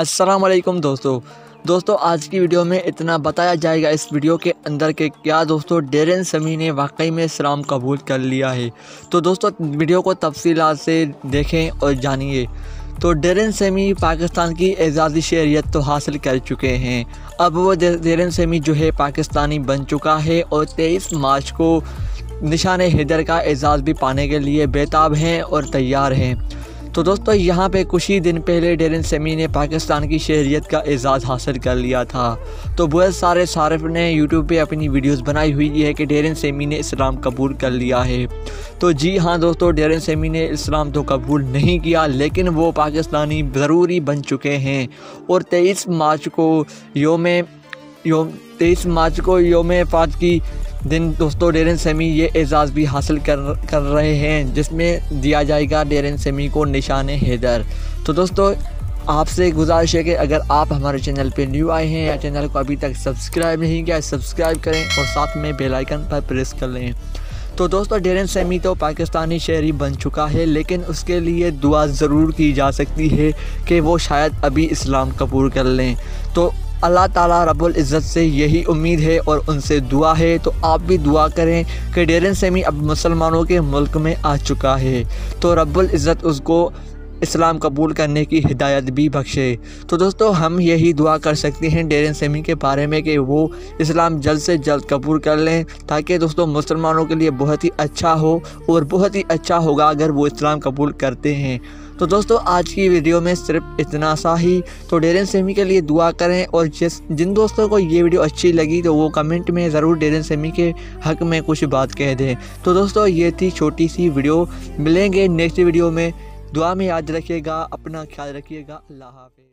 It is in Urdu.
السلام علیکم دوستو دوستو آج کی ویڈیو میں اتنا بتایا جائے گا اس ویڈیو کے اندر کہ کیا دوستو ڈیرن سمی نے واقعی میں اسلام قبول کر لیا ہے تو دوستو ویڈیو کو تفصیلات سے دیکھیں اور جانیے تو ڈیرن سیمی پاکستان کی اعزازی شہریت تو حاصل کر چکے ہیں اب وہ ڈیرن سیمی جو ہے پاکستانی بن چکا ہے اور تیئیس مارچ کو نشان حیدر کا اعزاز بھی پانے کے لیے بیتاب ہیں اور تیار ہیں تو دوستو یہاں پہ کچھ ہی دن پہلے ڈیرن سیمی نے پاکستان کی شہریت کا اعزاز حاصل کر لیا تھا تو بہت سارے صارف نے یوٹیوب پہ اپنی ویڈیوز بنائی ہوئی ہے کہ ڈیرن سیمی نے اسلام قبول کر لیا ہے تو جی ہاں دوستو ڈیرن سیمی نے اسلام تو قبول نہیں کیا لیکن وہ پاکستانی ضروری بن چکے ہیں اور تیئیس مارچ کو یوم یوم تیئیس مارچ کو یوم فات کی دن دوستو ڈیرن سیمی یہ اعزاز بھی حاصل کر کر رہے ہیں جس میں دیا جائے گا ڈیرن سیمی کو نشان حیدر تو دوستو آپ سے گزارش ہے کہ اگر آپ ہمارے چینل پہ نیو آئے ہیں یا چینل کو ابھی تک سبسکرائب نہیں کیا سبسکرائب کریں اور ساتھ میں بیل آئیکن پر پریس کر لیں تو دوستو ڈیرن سیمی تو پاکستانی شہری بن چکا ہے لیکن اس کے لیے دعا ضرور کی جا سکتی ہے کہ وہ شاید ابھی اسلام قبول کر لیں تو اللہ تعالیٰ رب العزت سے یہی امید ہے اور ان سے دعا ہے تو آپ بھی دعا کریں کہ ڈیرن سیمی اب مسلمانوں کے ملک میں آ چکا ہے تو رب العزت اس کو اسلام قبول کرنے کی ہدایت بھی بخشے تو دوستو ہم یہی دعا کر سکتے ہیں ڈیرن سیمی کے بارے میں کہ وہ اسلام جلد سے جلد قبول کر لیں تاکہ دوستو مسلمانوں کے لیے بہت ہی اچھا ہو اور بہت ہی اچھا ہوگا اگر وہ اسلام قبول کرتے ہیں تو دوستو آج کی ویڈیو میں صرف اتنا سا ہی تو ڈیرن سیمی کے لیے دعا کریں اور جس جن دوستوں کو یہ ویڈیو اچھی لگی تو وہ کمنٹ میں ضرور ڈیرن سیمی کے حق میں کچھ بات کہہ دیں تو دوستو یہ تھی چھوٹی سی ویڈیو ملیں گے نیکسٹ ویڈیو میں دعا میں یاد رکھیے گا اپنا خیال رکھیے گا اللہ حافظ